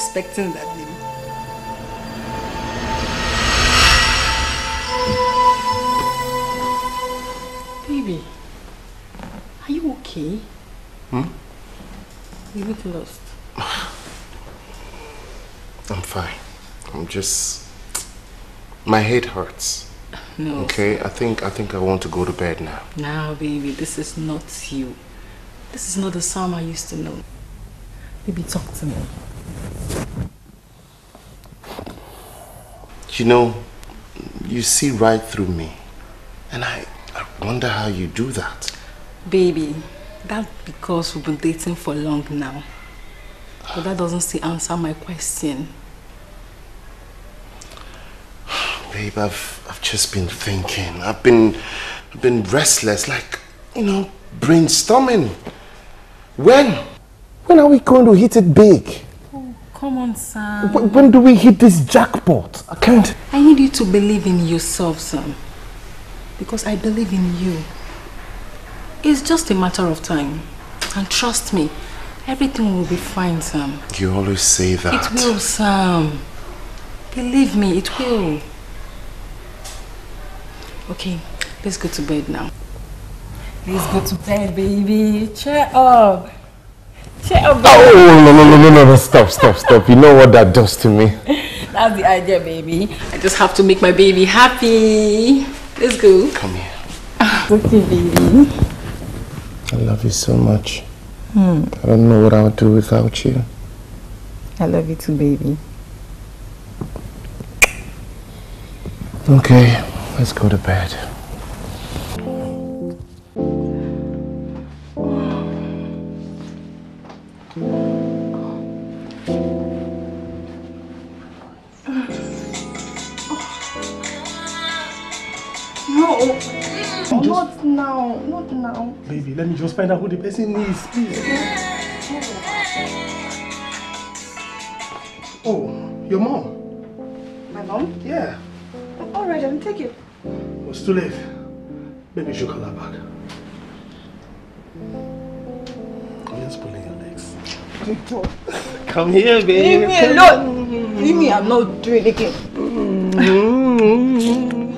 expecting that name. Baby, are you okay? Hmm? You look lost. I'm fine. I'm just... My head hurts. No. Okay, I think I think I want to go to bed now. Now, baby, this is not you. This is not the Sam I used to know. Baby, talk to me. You know, you see right through me. And I, I wonder how you do that. Baby, that's because we've been dating for long now. But that doesn't still answer my question. Babe, I've, I've just been thinking. I've been, I've been restless, like, you know, brainstorming. When? When are we going to hit it big? Come on, Sam. When, when do we hit this jackpot? I can't. I need you to believe in yourself, Sam. Because I believe in you. It's just a matter of time. And trust me, everything will be fine, Sam. You always say that. It will, Sam. Believe me, it will. Okay, let's go to bed now. Let's go to bed, baby. Cheer up. Ah, oh, no, no, no, no, no, stop, stop, stop. You know what that does to me? That's the idea, baby. I just have to make my baby happy. Let's go. Come here. Ah, okay, baby. I love you so much. Hmm. I don't know what I would do without you. I love you too, baby. Okay, let's go to bed. not now. Baby, let me just find out who the person is, please. Oh, your mom. My mom? Yeah. Oh, all right, I'll take it. it's too late. Maybe she should call her back. I'm just pulling your legs. Come here, baby. Leave me alone. Leave me, I'm not doing it again. Mm-hmm.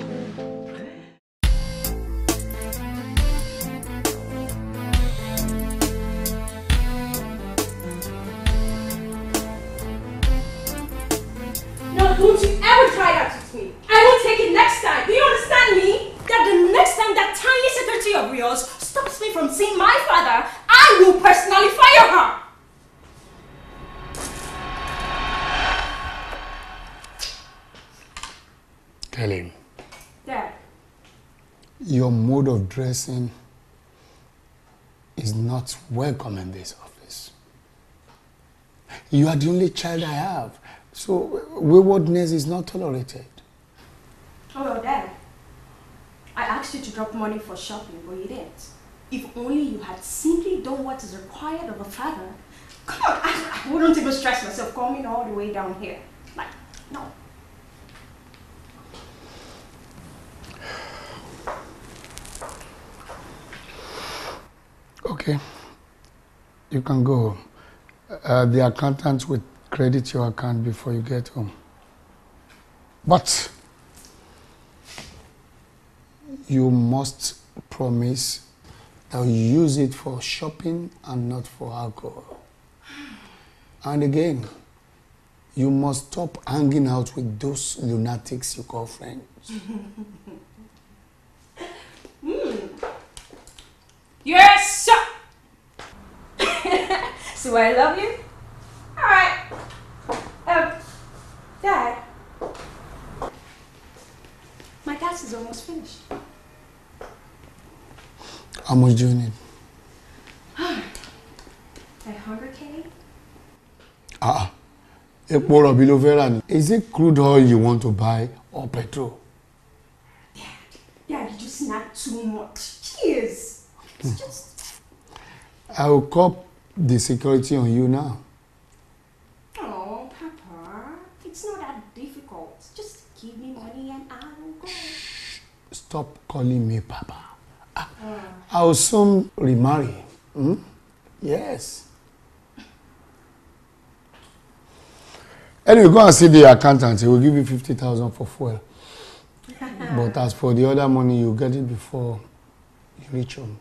of dressing is not welcome in this office. You are the only child I have, so waywardness is not tolerated. Oh, Dad, I asked you to drop money for shopping, but you didn't. If only you had simply done what is required of a father. Come on, I, I wouldn't even stress myself coming all the way down here. Like, no. okay, you can go home. Uh, the accountant will credit your account before you get home. But you must promise that you use it for shopping and not for alcohol. And again, you must stop hanging out with those lunatics you call friends. mm. Yes, sir. Do I love you? Alright. Um, Dad. My gas is almost finished. How much do you need? Like 100k? Ah, a ah. poor ló fẹ́ Is it crude oil you want to buy or petrol? Dad, Dad, you just not too much. Cheers. Hmm. Just... I will call the security on you now. Oh, Papa, it's not that difficult. Just give me money and I'll go. Shh, stop calling me Papa. I, uh. Ah, ah. I'll soon remarry. Hmm? Yes. Anyway, go and see the accountant. He will give you 50,000 for fuel. but as for the other money, you get it before you reach home.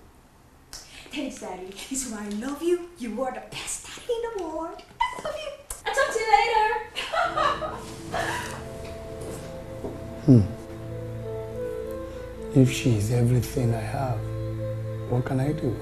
Thanks, Daddy. is why I love you. You are the best daddy in the world. I love you. I'll talk to you later. hmm. If she is everything I have, what can I do?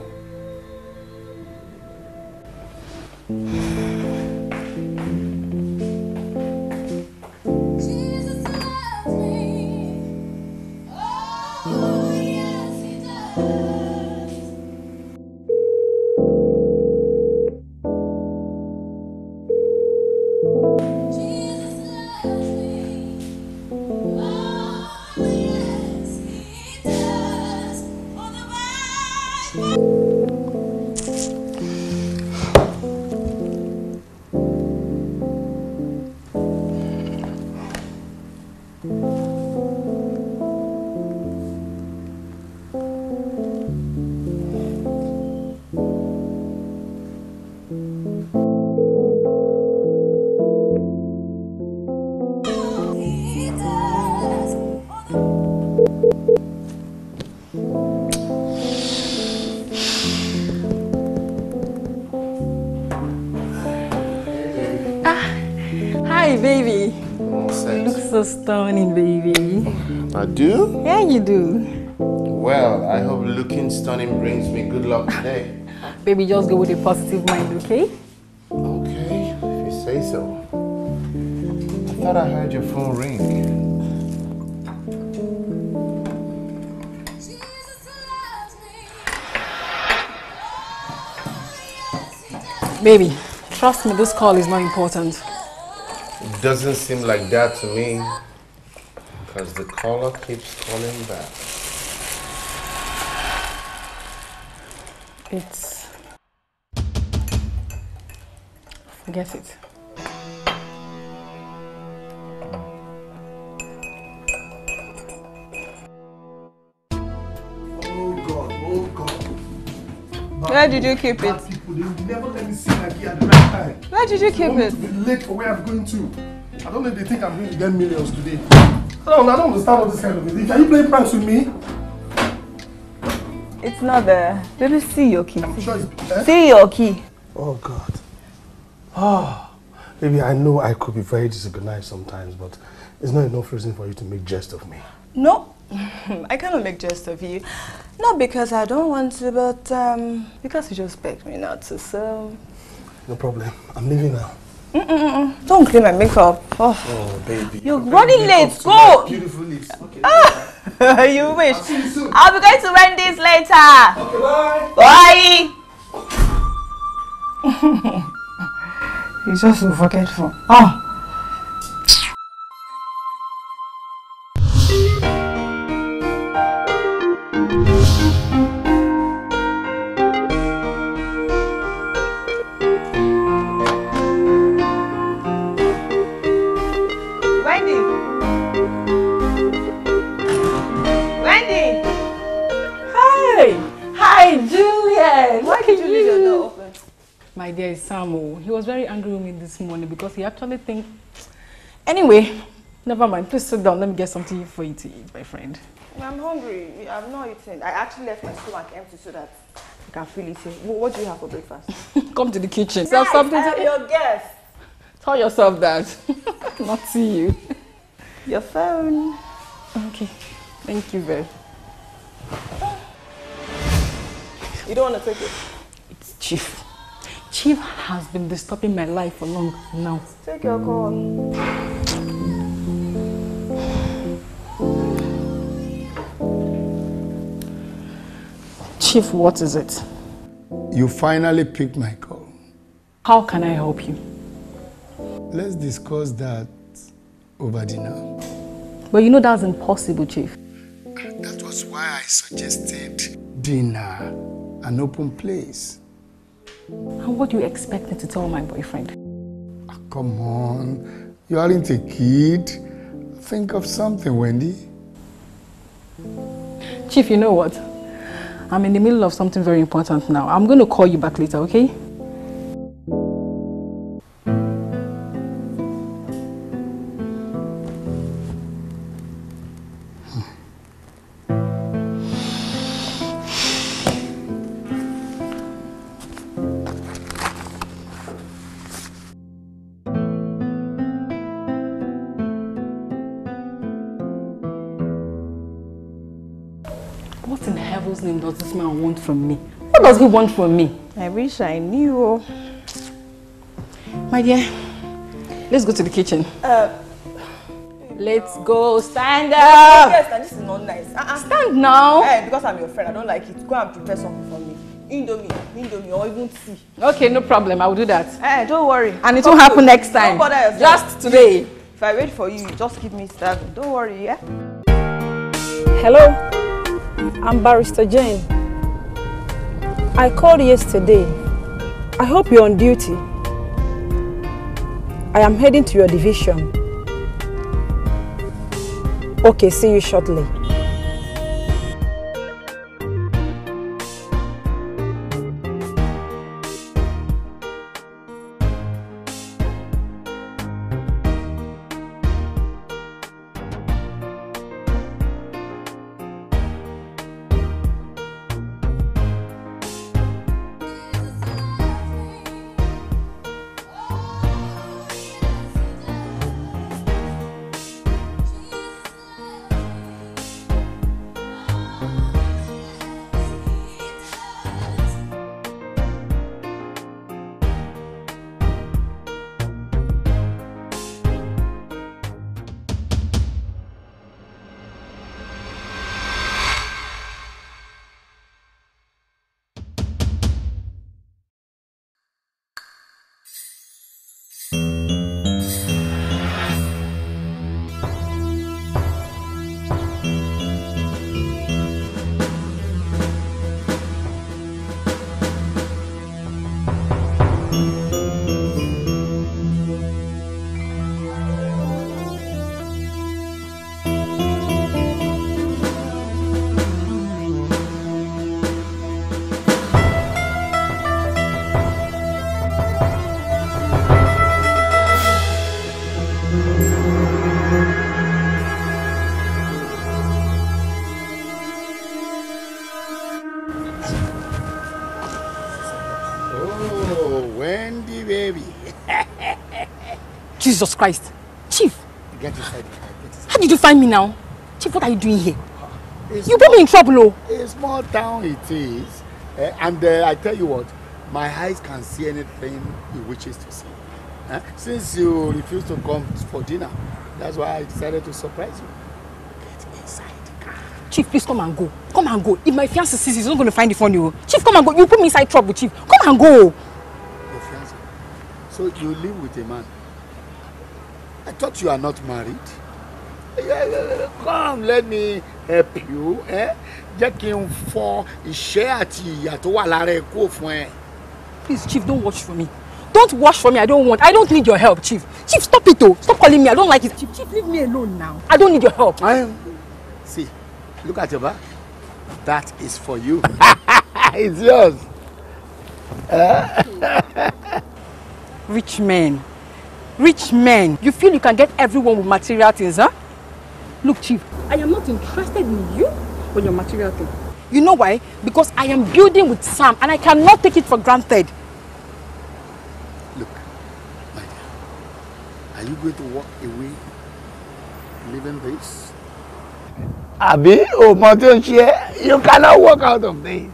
stunning, baby. I do? Yeah, you do. Well, I hope looking stunning brings me good luck today. baby, just go with a positive mind, okay? Okay, if you say so. I thought I heard your phone ring. Baby, trust me, this call is not important. It doesn't seem like that to me. Because the caller keeps calling back. It's. Forget it. Oh oh where did you keep it? never let me at the right time. Where did you keep it? To be late for where I'm going to. I don't know if they think I'm going to get millions today. No, I don't understand what this kind of thing. Are you playing pranks with me? It's not there. Let me see your key. I'm sure it's eh? See your key. Oh, God. Oh, baby, I know I could be very disorganized sometimes, but it's not enough reason for you to make jest of me. No, I cannot make jest of you. Not because I don't want to, but um, because you just begged me not to, so... No problem. I'm leaving now. Mm -mm. Don't clean my makeup. Oh, oh baby. You're running late. Go. Beautiful lips. Okay. Ah, you wish. I'll, I'll be going to rent this later. Okay, bye. Bye. He's just so forgetful. Oh. Ah. actually think. Anyway, never mind. Please sit down. Let me get something for you to eat, my friend. I'm hungry. I'm not eating. I actually left my stomach empty so that I can feel it. What do you have for breakfast? Come to the kitchen. Yes, Have something I to am your guest. Tell yourself that. not see you. Your phone. Okay. Thank you, babe. You don't want to take it? It's cheap. Chief has been disturbing my life for long now. Take your call. Chief, what is it? You finally picked my call. How can I help you? Let's discuss that over dinner. But you know that's impossible, Chief. That was why I suggested dinner, an open place. And what do you expect me to tell my boyfriend? Oh, come on. You aren't a kid. Think of something, Wendy. Chief, you know what? I'm in the middle of something very important now. I'm going to call you back later, okay? does he want from me? I wish I knew. Oh. My dear, let's go to the kitchen. Uh, Let's go. Stand up. Ah! Yes, and this is not nice. Uh -uh. Stand now. Hey, eh, because I'm your friend, I don't like it. Go and prepare something for me. Indomie, Indomie, or even tea. Okay, no problem. I will do that. Hey, eh, don't worry. And it Come will happen next time. Don't bother yourself. Just today. If I wait for you, just give me standing. Don't worry, yeah? Hello. I'm Barrister Jane. I called yesterday. I hope you're on duty. I am heading to your division. Okay, see you shortly. Jesus Christ. Chief. Get inside. Get inside. How did you find me now? Chief, what are you doing here? It's you put me in trouble, oh. A small town it is. Uh, and uh, I tell you what, my eyes can see anything he wishes to see. Uh, since you refused to come for dinner, that's why I decided to surprise you. Get inside. Chief, please come and go. Come and go. If my fiance sees you, he's not going to find it funny. Oh. Chief, come and go. You put me inside trouble, Chief. Come and go. Your fiancé? So you live with a man thought you are not married. Come, let me help you. Eh? Jẹ́ kí n fọ ìṣẹ́ àti ìyà tó wà lára ẹ̀ kó fún ẹ. Please, Chief, don't watch for me. Don't watch for me. I don't want. I don't need your help, Chief. Chief, stop it, though. Stop calling me. I don't like it. Chief, Chief, leave me alone now. I don't need your help. I, see, look at your back. That is for you. It's yours. Rich man. rich men. You feel you can get everyone with material things, huh? Look, Chief, I am not interested in you or your material things. You know why? Because I am building with Sam and I cannot take it for granted. Look, my dear, are you going to walk away leaving this? Abi, oh, Mountain Chair, you cannot walk out of this.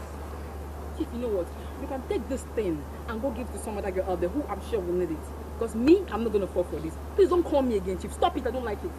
Chief, you know what? You can take this thing and go give to some other girl out there who I'm sure will need it. Because me, I'm not going to fall for this. Please don't call me again, Chief. Stop it. I don't like it.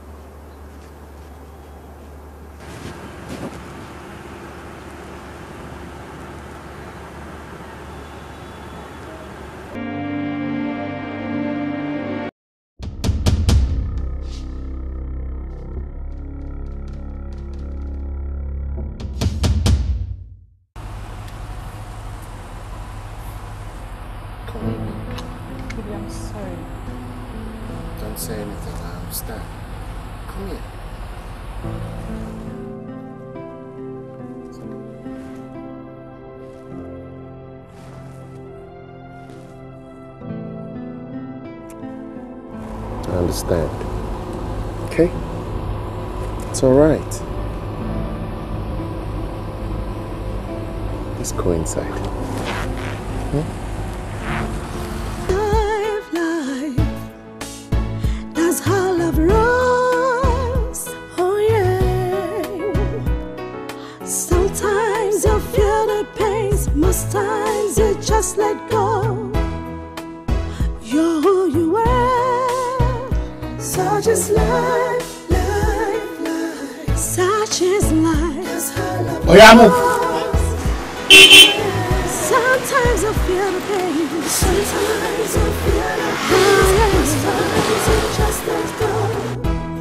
I understand. Okay? It's alright. Let's go inside. Hmm? Sometimes you feel the pains, most times you just let go. Such is life, life, life. Such Sometimes I feel the pain. Sometimes I feel the pain. Sometimes I just let go.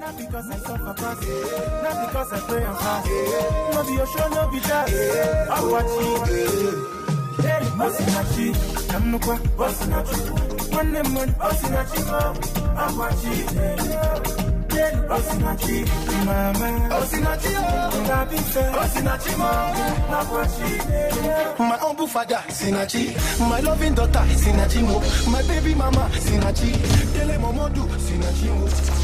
Not because I suffer past, not because I pray and fast. No be your show, no be that. I watch osinachi namnukwa osinachi nwanne mmadụ osinachi agwachi delu osinachi mama osinachi gabi mfe osinachi nagwachi my humble father sinachi my loving daughter sinachi mo my baby mama sinachi dele momodu sinachi mo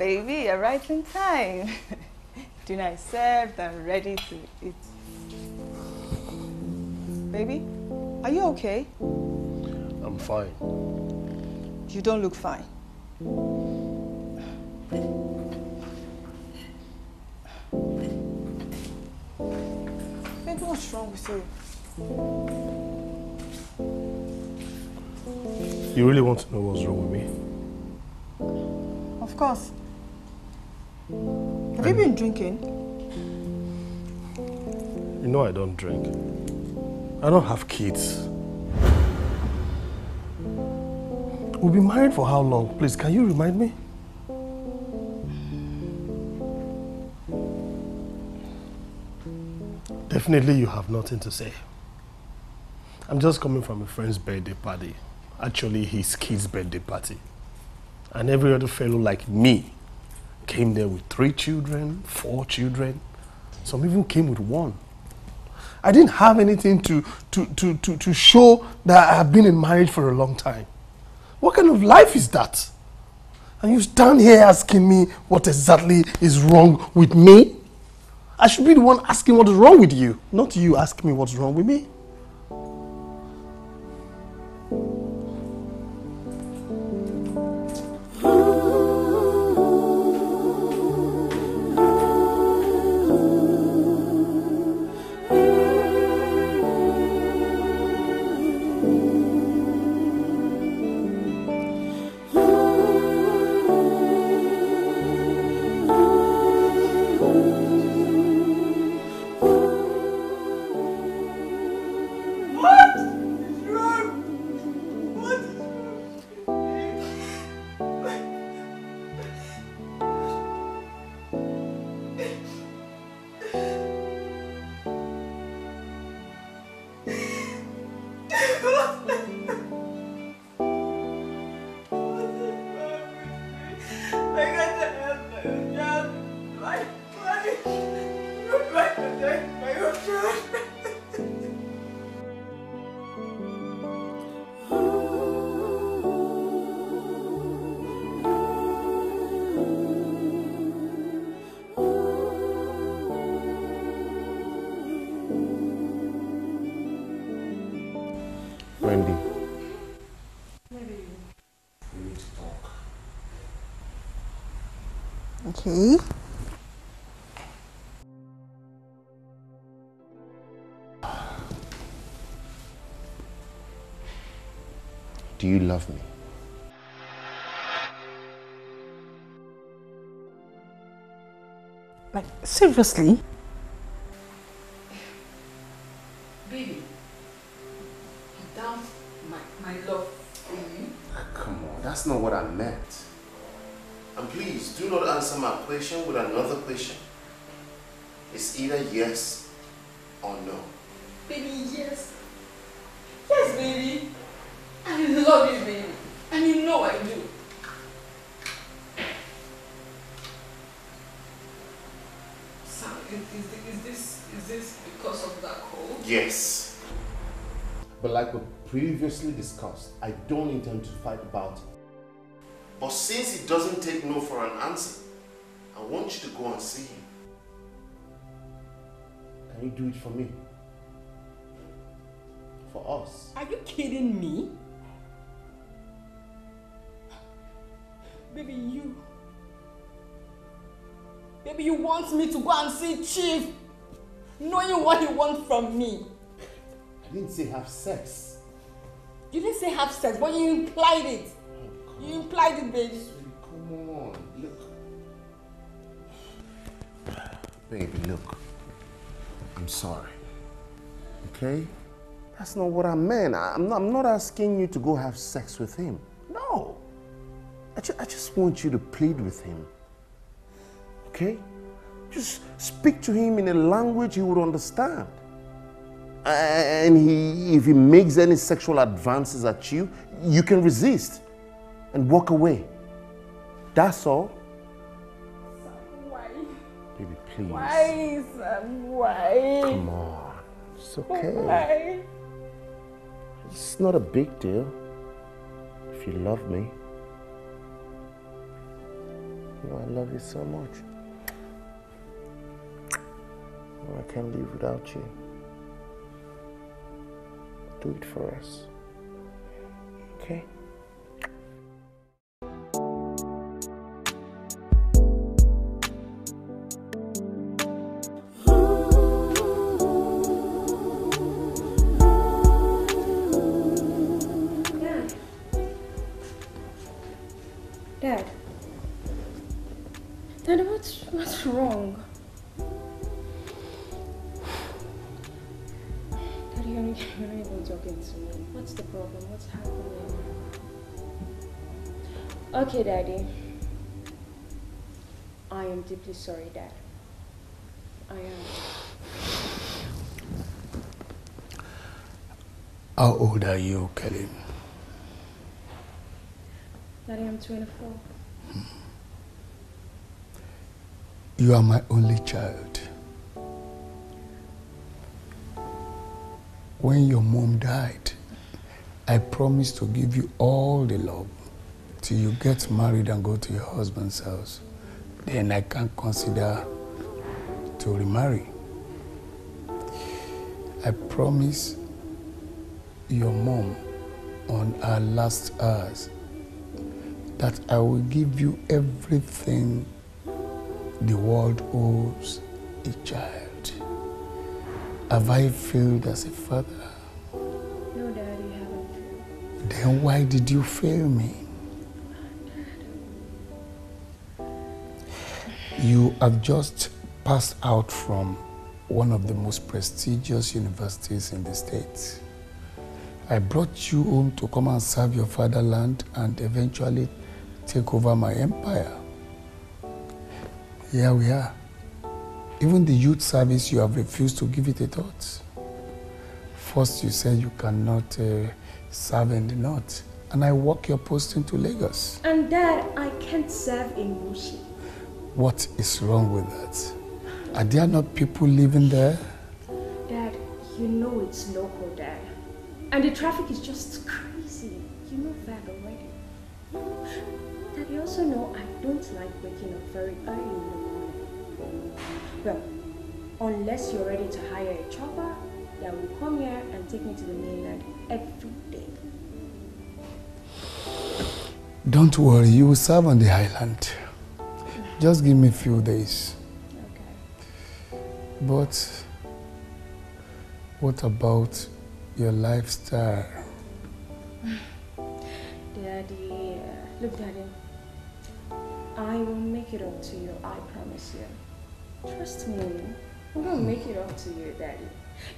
baby, you're right in time. Dinner is served and ready to eat. Baby, are you okay? I'm fine. You don't look fine. Baby, what's wrong with you? You really want to know what's wrong with me? Of course. Have you been drinking? You know I don't drink. I don't have kids. We'll be married for how long? Please, can you remind me? Definitely you have nothing to say. I'm just coming from a friend's birthday party. Actually, his kid's birthday party. And every other fellow like me came there with three children, four children. Some even came with one. I didn't have anything to, to, to, to, to show that I have been in marriage for a long time. What kind of life is that? And you stand here asking me what exactly is wrong with me? I should be the one asking what is wrong with you, not you asking me what's wrong with me. Okay. Do you love me? Like, seriously? question with another question. It's either yes or no. Baby, yes. Yes, baby. I love you, baby. And you know I do. Sam, is, is this, is this because of that cold? Yes. But like we previously discussed, I don't intend to fight about it. But since it doesn't take no for an answer, want you to go and see him. Can you do it for me? For us? Are you kidding me? Baby, you... Baby, you want me to go and see Chief, knowing what he wants from me. I didn't say have sex. You didn't say have sex, but you implied it. Oh, you implied it, baby. Baby, look. I'm sorry. Okay? That's not what I meant. I'm not, I'm not asking you to go have sex with him. No. I, ju I just want you to plead with him. Okay? Just speak to him in a language he would understand. And he, if he makes any sexual advances at you, you can resist and walk away. That's all please. Why, Sam? Why? Come on. It's okay. Why? It's not a big deal. If you love me, you oh, know I love you so much. Oh, I can't live without you. Do it for us. deeply sorry, Dad. I am. Um, How old are you, Kelly? Daddy, I'm 24. You are my only child. When your mom died, I promised to give you all the love till you get married and go to your husband's house then I can consider to remarry. I promise your mom on our last hours that I will give you everything the world owes a child. Have I failed as a father? No, Daddy, you haven't failed. Then why did you fail me? You have just passed out from one of the most prestigious universities in the state. I brought you home to come and serve your fatherland and eventually take over my empire. Here we are. Even the youth service, you have refused to give it a thought. First, you said you cannot uh, serve in the north, and I walk your post into Lagos. And Dad, I can't serve in Mushi. What is wrong with that? Are there not people living there? Dad, you know it's local, Dad. And the traffic is just crazy. You know that already. Dad, you also know I don't like waking up very early in the morning. Well, unless you're ready to hire a chopper that will come here and take me to the mainland every day. Don't worry, you will serve on the island. Just give me a few days. Okay. But what about your lifestyle? Daddy, uh, look, Daddy. I will make it up to you, I promise you. Trust me, I will hmm. make it up to you, Daddy.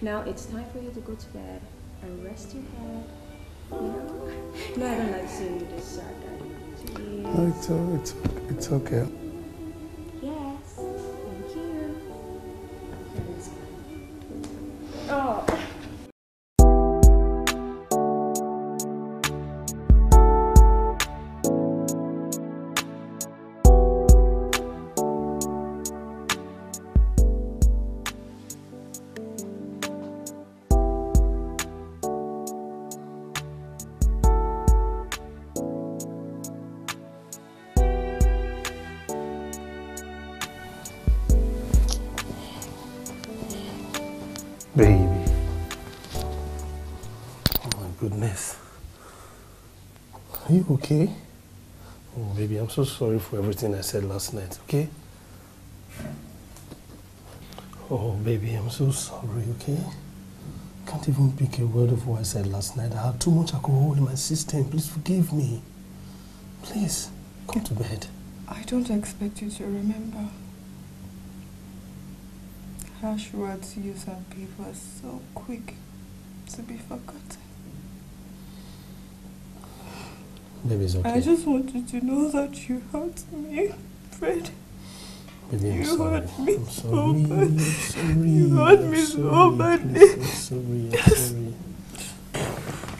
Now it's time for you to go to bed and rest your head. You know? No, I don't like seeing you this sad, Daddy. No, it's, it's, it's okay. up. Are you okay? Oh, baby, I'm so sorry for everything I said last night, okay? Oh, baby, I'm so sorry, okay? Can't even pick a word of what I said last night. I had too much alcohol in my system. Please forgive me. Please, come to bed. I don't expect you to remember. Harsh words used on people are so quick to be forgotten. Baby's okay. I just wanted to know that you hurt me, Fred. Baby, I'm you sorry. hurt me I'm so bad. Sorry. You hurt me so badly. I'm sorry. I'm sorry.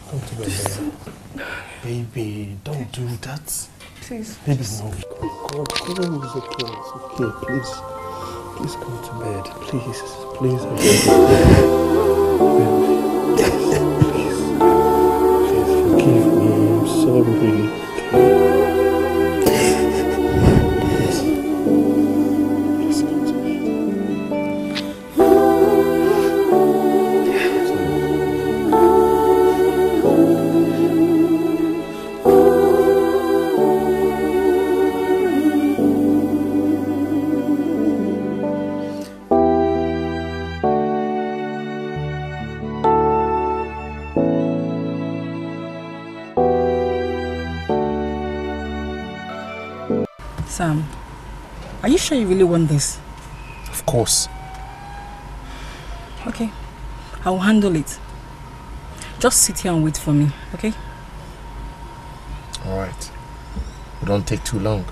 Come to bed, baby. don't do that. Please. Baby, no. Come, come, come. It's okay. It's okay. Please. Please come to bed. Please. Please. Okay. Sam, are you sure you really want this? Of course. Okay. I will handle it. Just sit here and wait for me, okay? Alright. don't take too long.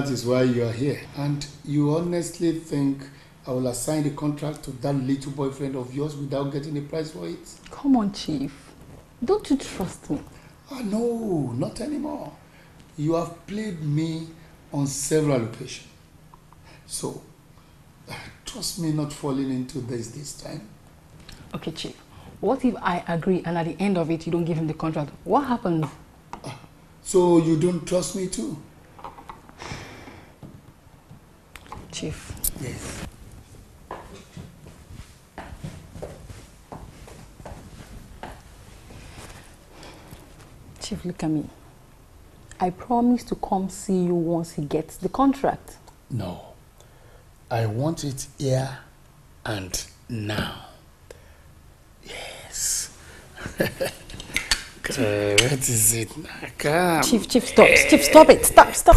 that is why you are here. And you honestly think I will assign the contract to that little boyfriend of yours without getting a price for it? Come on, Chief. Don't you trust me? Ah, no, not anymore. You have played me on several occasions. So, trust me not falling into this this time. Okay, Chief. What if I agree and at the end of it you don't give him the contract? What happens? Ah, so you don't trust me too? Chief. Yes. Chief, look at me. I promise to come see you once he gets the contract. No. I want it here and now. Yes. what is it? Come. Chief, Chief, stop. Chief, stop it. Stop, stop.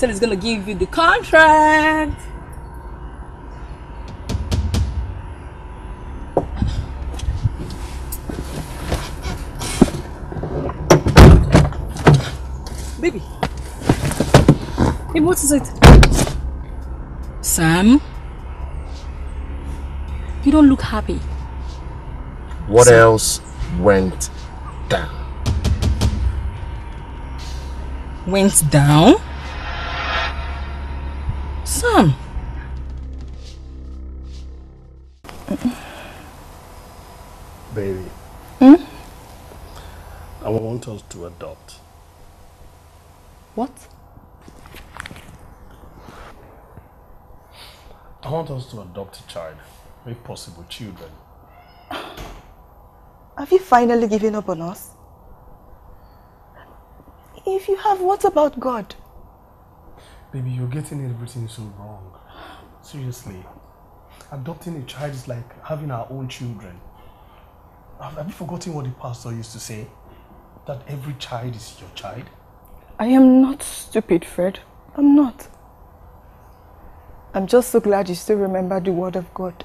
said he's gonna give you the contract. Baby. Hey, what is it? Sam? You don't look happy. What Sam? else went down? Went down? to adopt. What? I want us to adopt a child, if possible, children. Have you finally given up on us? If you have, what about God? Baby, you're getting everything so wrong. Seriously. Adopting a child is like having our own children. Have, have you forgotten what the pastor used to say? that every child is your child? I am not stupid, Fred. I'm not. I'm just so glad you still remember the word of God.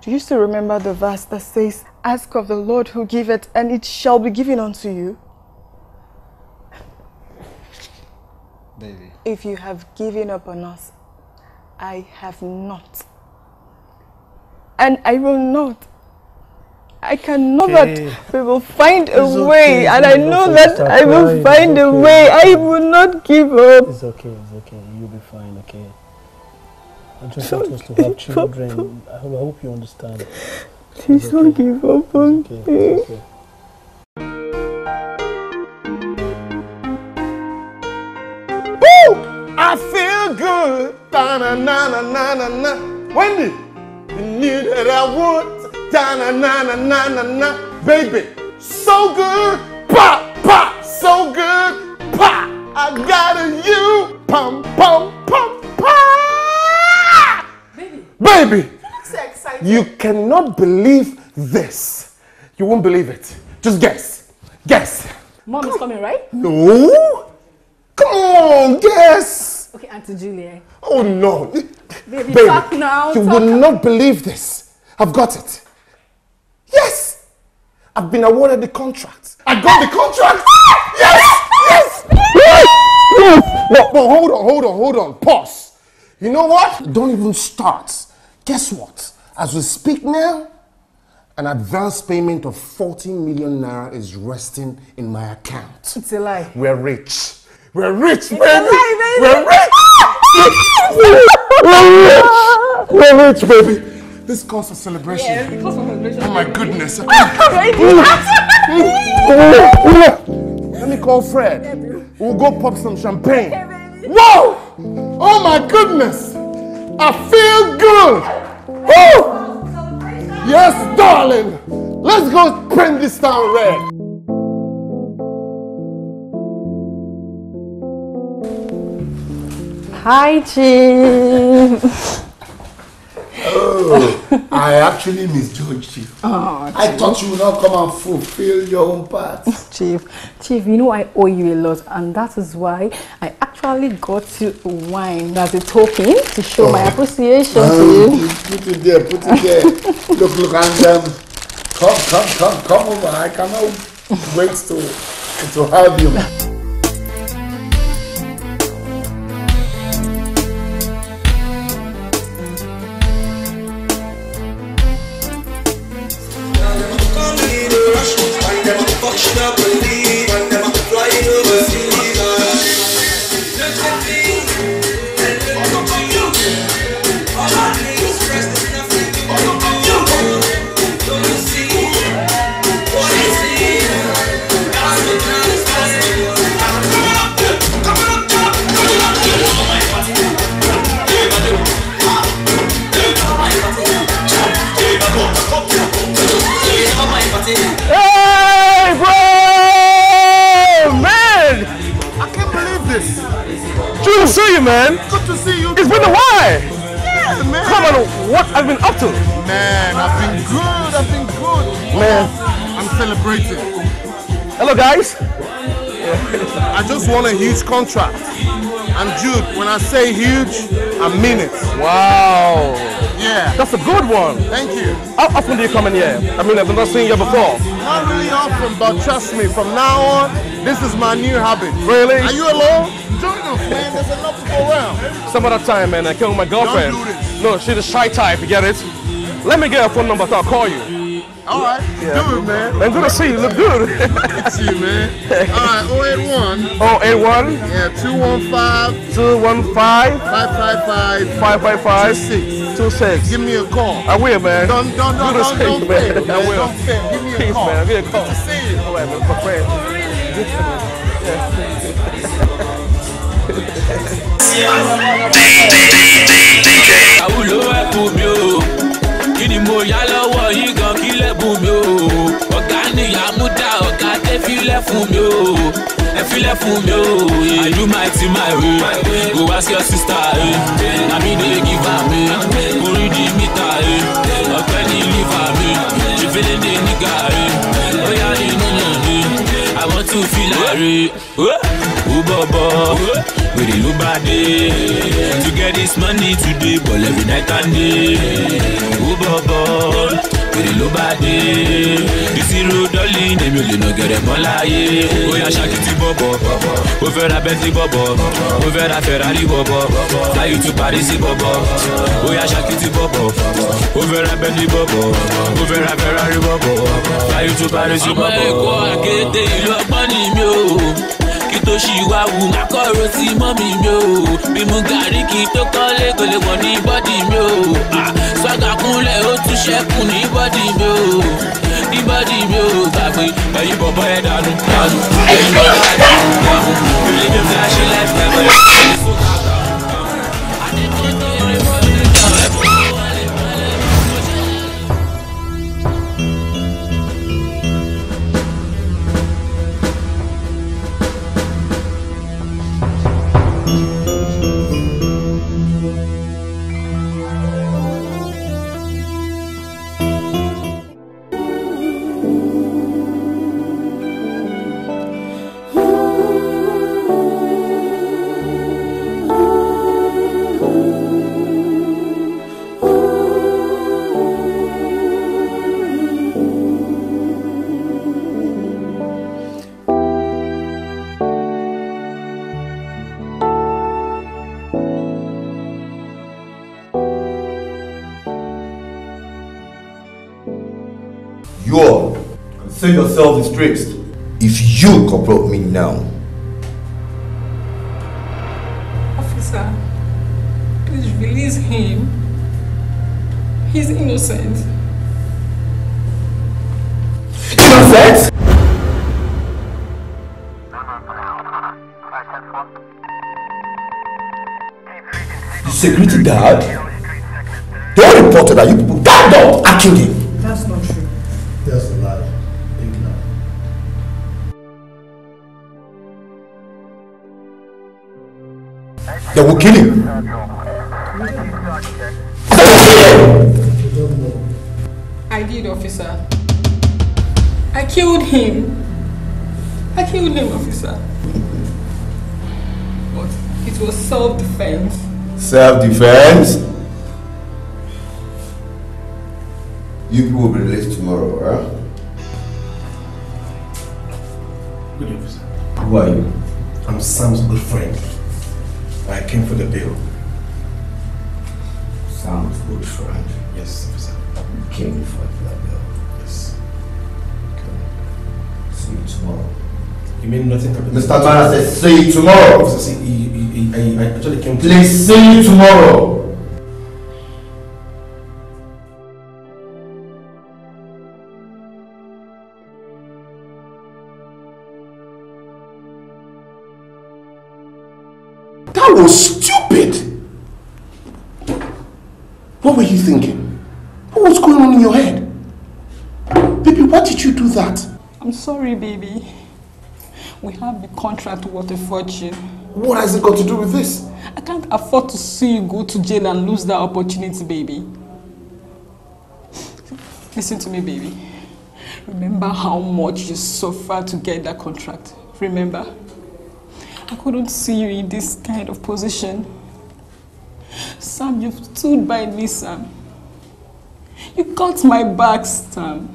Do you still remember the verse that says, Ask of the Lord who giveth, and it shall be given unto you? Baby. If you have given up on us, I have not. And I will not I can know okay. that we will find it's a okay. way, and I know that I will find a way. I will not give up. It's okay, it's okay. You'll be fine, okay? I just want us to have children. I hope, I hope you understand. Please don't give up on me. Okay, okay. Woo! I feel good. Na na na na na na. Wendy, you knew that I would. Da na na na na na na. Baby, so good. Pop, pop, so good. Pop, I got a you. Pum, pum, pum, pum. Baby. Baby. You look so excited. You cannot believe this. You won't believe it. Just guess. Guess. Mom Come is coming, right? No. Come on, guess. Okay, Auntie Julia. Oh no. Baby, Baby talk now. You talk. will not believe this. I've got it. Yes! I've been awarded the contract. I got the contract! yes! Yes! Yes! yes! But, but hold on, hold on, hold on. Pause. You know what? Don't even start. Guess what? As we speak now, an advance payment of 40 million naira is resting in my account. It's a lie. We're rich. We're rich, it's baby. Lie, baby. We're rich. We're rich. We're rich, baby. This calls for celebration. Yeah, it calls for celebration. Oh my goodness. Oh, Let me call Fred. We'll go pop some champagne. Whoa! Oh my goodness! I feel good! Woo! Yes, darling! Let's go paint this town red! Hi, Jim! Oh, I actually misjudged you. Oh, I thought you would not come and fulfill your own part. Chief, Chief, you know I owe you a lot, and that is why I actually got you wine as a token to show oh. my appreciation ah, to you. Put it there, put it there. look, look, and um, come, come, come, come over. I cannot wait to, to have you. Man. I'm celebrating. Hello, guys. I just won a huge contract. And Jude, when I say huge, I mean it. Wow. Yeah. That's a good one. Thank you. How often do you come in here? I mean, I've not seen you before. Not really often, but trust me, from now on, this is my new habit. Really? Are you alone? Join us, man. There's enough to go around. Some other time, man. I came with my girlfriend. Don't do this. No, she's a shy type. You get it? Let me get her phone number so I'll call you. All right. Yeah. Do it, man. And good to see you. Look good. see you, man. All right, 081. 081. Yeah, 215. 215. 555. 555. 26. 26. Give me a call. I will, man. Don't, don't, don't, do don't, don't, don't fail, man. I will. Don't fail. Give me a Peace, call. man. I'll get a call. Good to see you. All right, man. My friend. Oh, really? Yeah. DJ, DJ, DJ. kí ni mo yá lọ́wọ́ yín gan kí lẹ́bùn mi o ọ̀gá nìyá múdà ọ̀gá tẹ́ filẹ̀ fún mi o ẹ filẹ̀ fún mi o I do my thing my way go ask your sister na mi dey give am orí di mítà eh. ọ̀gbẹ́ni liver mi ìfẹ́lẹ́ dé nígà. Eh tún fi láre. Ó bọ̀bọ̀ wèrè ló bá dé. To get this money today, but every night and day. Ó bọ̀bọ̀ fèrè ló bá dé ìṣirò dọ́lì èmi ò lè nà gẹ̀rẹ̀ mọ́ láyé ó yá ṣakiti bọ̀bọ̀ ó fẹ́ ra bẹ́ntì bọ̀bọ̀ ó fẹ́ ra fẹ̀rari bọ̀bọ̀ láyé tún parísì bọ̀bọ̀ ó yá ṣakiti bọ̀bọ̀ ó fẹ́ ra bẹ́ntì bọ̀bọ̀ ó fẹ́ ra fẹ̀rari bọ̀bọ̀ láyé tún parísì bọ̀bọ̀. ọmọ èkó àkété ìlú ọgbọ́n ni mi ò kí tó ṣì wá wù má kọ̀rọ̀ sí mọ́mì mi ò bí gàrí kí tó kọ́lé kò ní bọ́dì mi ò. baba ya danu danu. You live the flashy life, never. yourself is If you corrupt me now. Officer, please release him. He's innocent. Innocent? The security guard? They reported that you people died out him. It was self-defense. Self-defense? You people will be released tomorrow, huh? Good evening, sir. Who are you? I'm Sam's good friend. I came for the bill. Sam's good friend? Yes, officer. You came for the bill? Yes. Okay. See you tomorrow. You mean nothing happened? Mr. Mara says see you tomorrow. Officer, see you I, I actually came to... Let's see you tomorrow. That was stupid. What were you thinking? What was going on in your head? Baby, why did you do that? I'm sorry, baby. We have the contract, what a fortune. What has it got to do with this? I can't afford to see you go to jail and lose that opportunity, baby. Listen to me, baby. Remember how much you suffered to get that contract. Remember? I couldn't see you in this kind of position. Sam, you've stood by me, Sam. You got my back, Sam.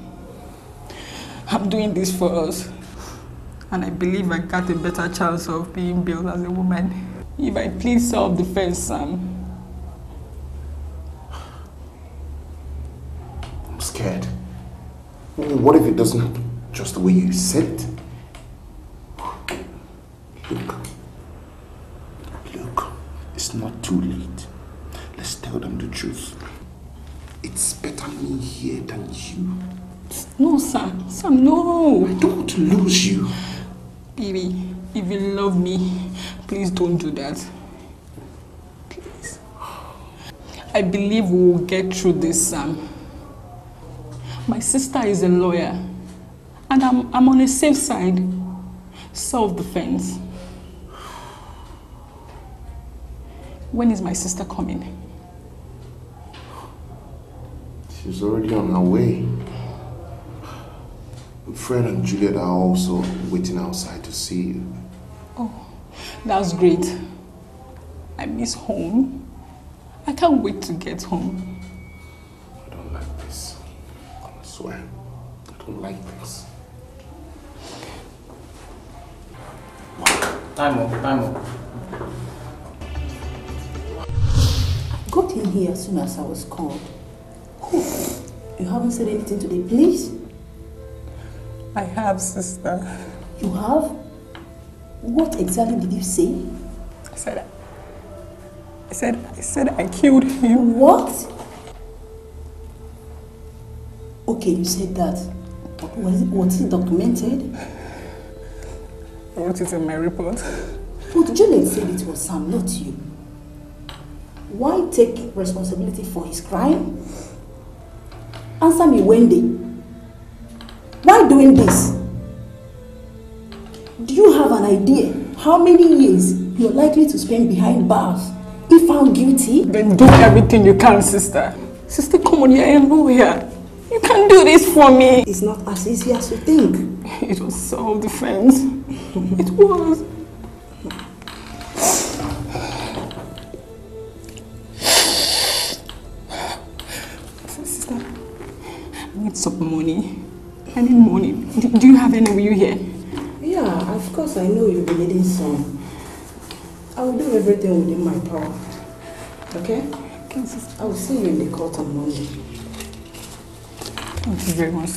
I'm doing this for us and I believe I got a better chance of being built as a woman. If I plead self-defense, Sam. I'm scared. what if it doesn't happen just the way you said? Look. Look, it's not too late. Let's tell them the truth. It's better me here than you. No, Sam. Sam, no. I don't lose you. Baby, if you love me, please don't do that. Please. I believe we will get through this, Sam. My sister is a lawyer, and I'm, I'm on a safe side. Self-defense. When is my sister coming? She's already on her way. Fred and Juliet are also waiting outside to see you. Oh, that's great. I miss home. I can't wait to get home. I don't like this. I swear, I don't like this. Time up, time up. I got in here as soon as I was called. Oh, you haven't said anything to the police? I have, sister. You have? What exactly did you say? I said, I said, I said I killed him. What? Okay, you said that. What is, it, was it documented? I wrote it in my report. But Julian said it was Sam, not you. Why take responsibility for his crime? Answer me, Wendy. Why doing this? Do you have an idea how many years you're likely to spend behind bars if found guilty? Then do everything you can, sister. Sister, come on, you're nowhere. You can do this for me. It's not as easy as you think. It was self-defense. it was. Sister, I need some money. I need money. Do, do you have any with you here? Yeah, of course I know you'll be needing some. I will do everything within my power. Okay? I will see you in the court on Monday. Thank you very much.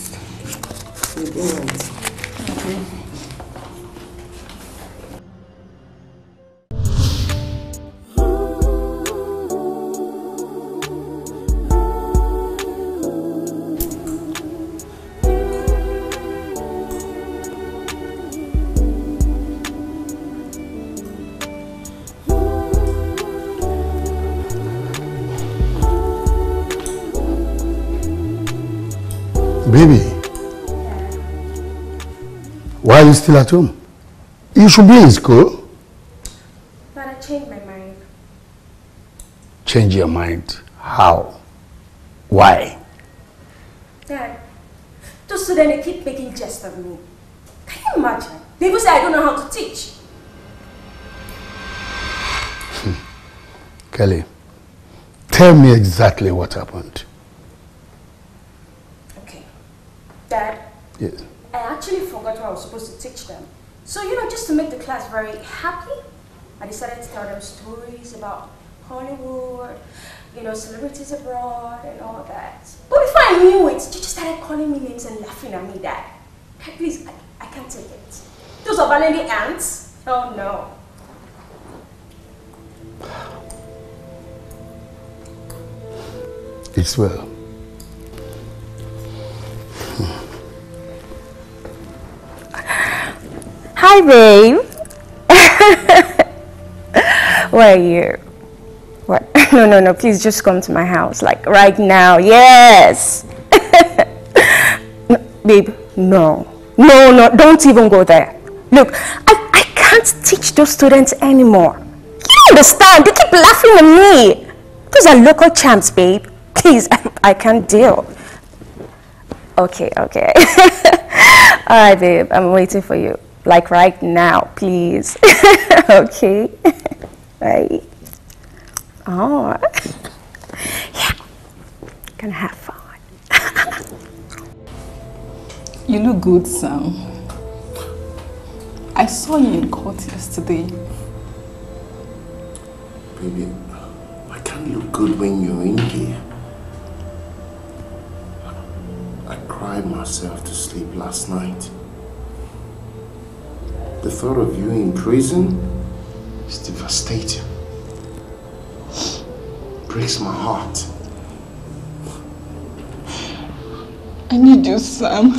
You're all right. Okay. still at home. You should be in school. But I changed my mind. Change your mind? How? Why? Dad, those students keep making jest of me. Can you imagine? They even say I don't know how to teach. Hmm. Kelly, tell me exactly what happened. Okay. Dad? Yes actually forgot what I was supposed to teach them. So, you know, just to make the class very happy, I decided to tell them stories about Hollywood, you know, celebrities abroad and all that. But before I knew it, she just started calling me names and laughing at me that, please, I, I can't take it. Those are Valerie ants? Oh no. It's well. Hi, babe. Where are you? What? No, no, no. Please just come to my house, like right now. Yes. no, babe, no. No, no. Don't even go there. Look, I, I can't teach those students anymore. You understand? They keep laughing at me. Those are local champs, babe. Please, I, I can't deal. Okay, okay. All right, babe. I'm waiting for you like right now, please. okay. right. Oh. yeah. Gonna have fun. you look good, Sam. I saw you in court yesterday. Baby, I can't look good when you're in here. I cried myself to sleep last night. The thought of you in prison is devastating. Breaks my heart. I need you, Sam.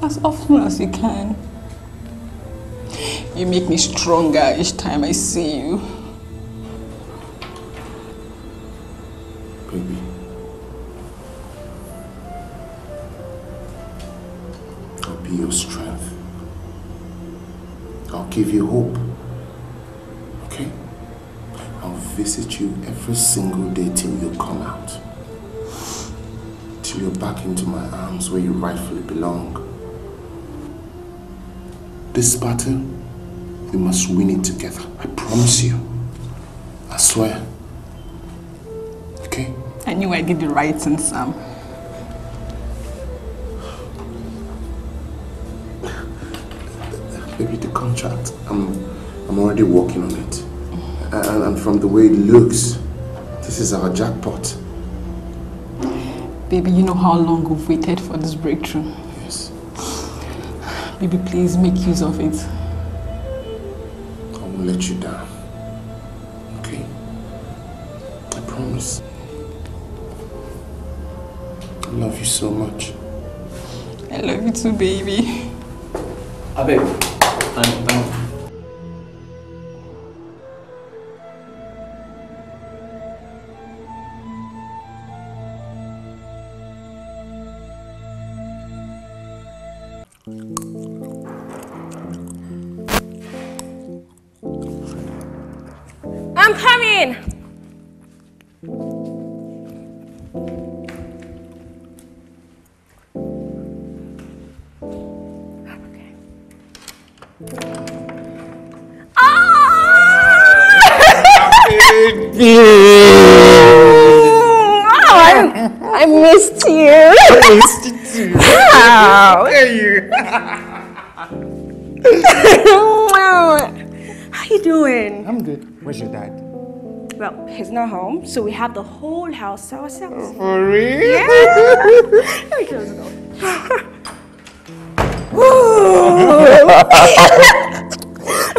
As often as you can. You make me stronger each time I see you. Baby. I'll be your strength. I'll give you hope. Okay? I'll visit you every single day till you come out. Till you're back into my arms where you rightfully belong. This battle, we must win it together. I promise you. I swear. Okay? I knew I did the right thing, Sam. Maybe the contract. I'm, I'm already working on it. And, and from the way it looks, this is our jackpot. Baby, you know how long we've waited for this breakthrough. Yes. Baby, please make use of it. I won't let you down. Okay? I promise. I love you so much. I love you too, baby. Abeg, Thank, thank Where's your dad? Well, he's not home, so we have the whole house to ourselves. Oh, for real? Yeah. Let me close the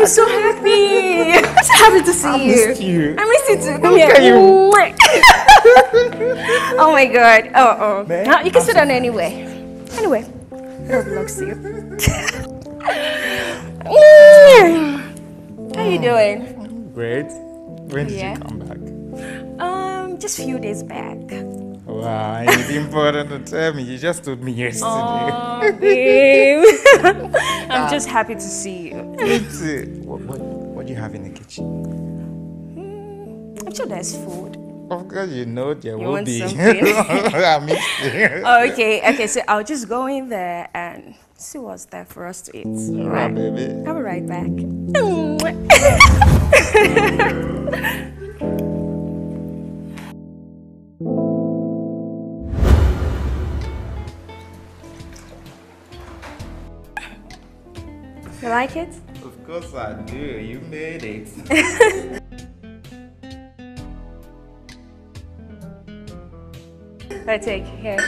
I'm so happy. I'm so happy to see I you. Missed you. I missed you too. Come Look here. You. oh my god. Oh oh. Man, no, you can I'm sit so down anywhere. anyway. Anyway, Roblox you. How you oh. doing? Great. When did yeah. you come back? Um, just a few days back. Wow, it's important to tell me. You just told me yesterday. Oh, babe. I'm ah. just happy to see you. what, what, what do you have in the kitchen? Hmm, I'm sure there's food. Of course, you know there you will be. okay, okay. So I'll just go in there and see what's there for us to eat. Mm, All right, right baby. I'll be right back. you like it? Of course I do. You made it. I take here.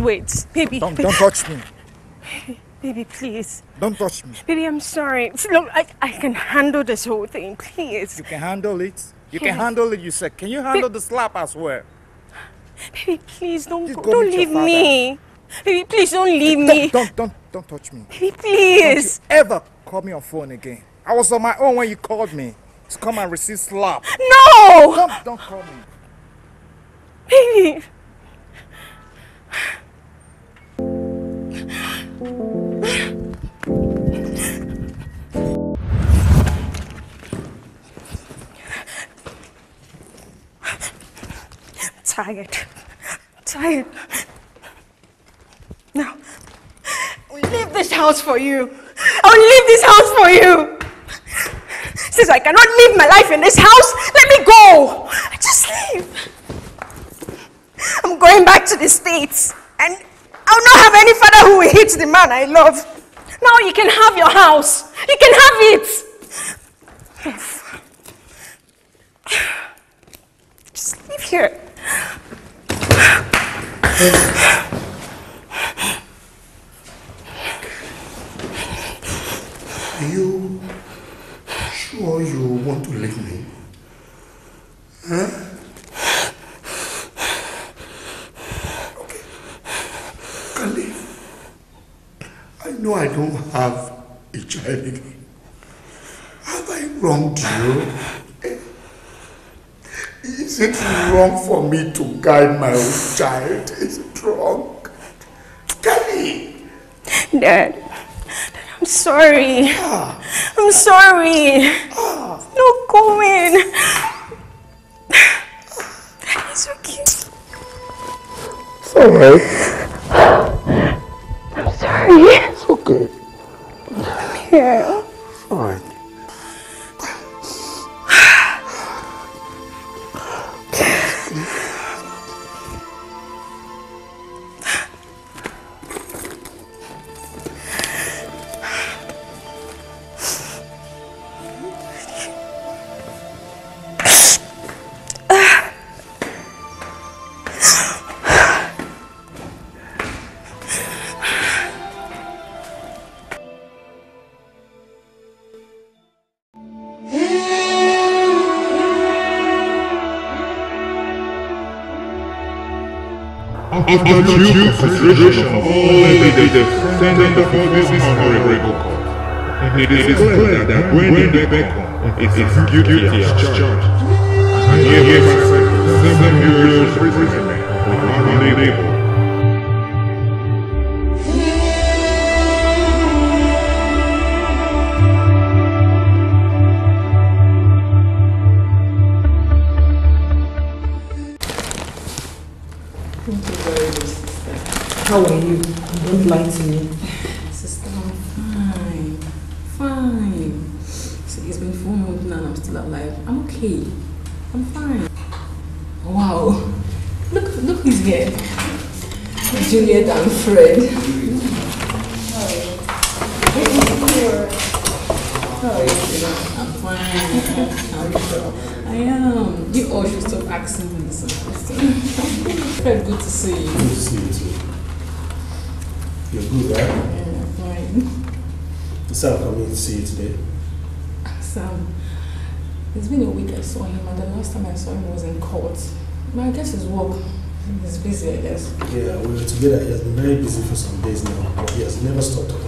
please wait. Baby. Don't, don't touch me. Baby, please. Don't touch me. Baby, I'm sorry. Look, I, I can handle this whole thing, please. You can handle it. You yes. can handle it, you said. Can you handle the slap as well? Baby, please don't please go. Don't leave me. Baby, please don't leave don't, me. Don't, don't, don't touch me. Baby, please. Don't ever call me on phone again. I was on my own when you called me to come and receive slap. No! Don't, don't call me. Baby try it. Try it. Now, I'll leave this house for you. I'll leave this house for you. Since I cannot live my life in this house, let me go. Just leave. I'm going back to the States and I will not have any father who will hit the man I love. Now you can have your house. You can have it. Just leave here. Are you sure you want to leave me? Huh? No, I don't have a child again. Have I wronged you? Is it wrong for me to guide my own child? Is it wrong? Tell me. Dad. Dad, I'm sorry. Ah. I'm sorry. Ah. No going. Dad, it's okay. It's alright. I'm sorry good. Yeah. All right. under the due consideration of the descendant of this honorable court. And it is clear that Gwendolyn Beckham is, is guilty as charged. And hereby sentenced seven years imprisonment How are you? Don't lie to me. Sister, I'm fine. Fine. See, it's been four months now and I'm still alive. I'm okay. I'm fine. Wow. Look, look who's here. Juliet and Fred. Hi. I'm fine. I am. You all should stop asking me this question. Fred, good to see you. You're good, right? Yeah, fine. So I'll come to see you today. Sam, it's been a week I saw him, and the last time I saw him was in court. But I guess his work is busy, I guess. Yeah, we were together. He has been very busy for some days now, but he has never stopped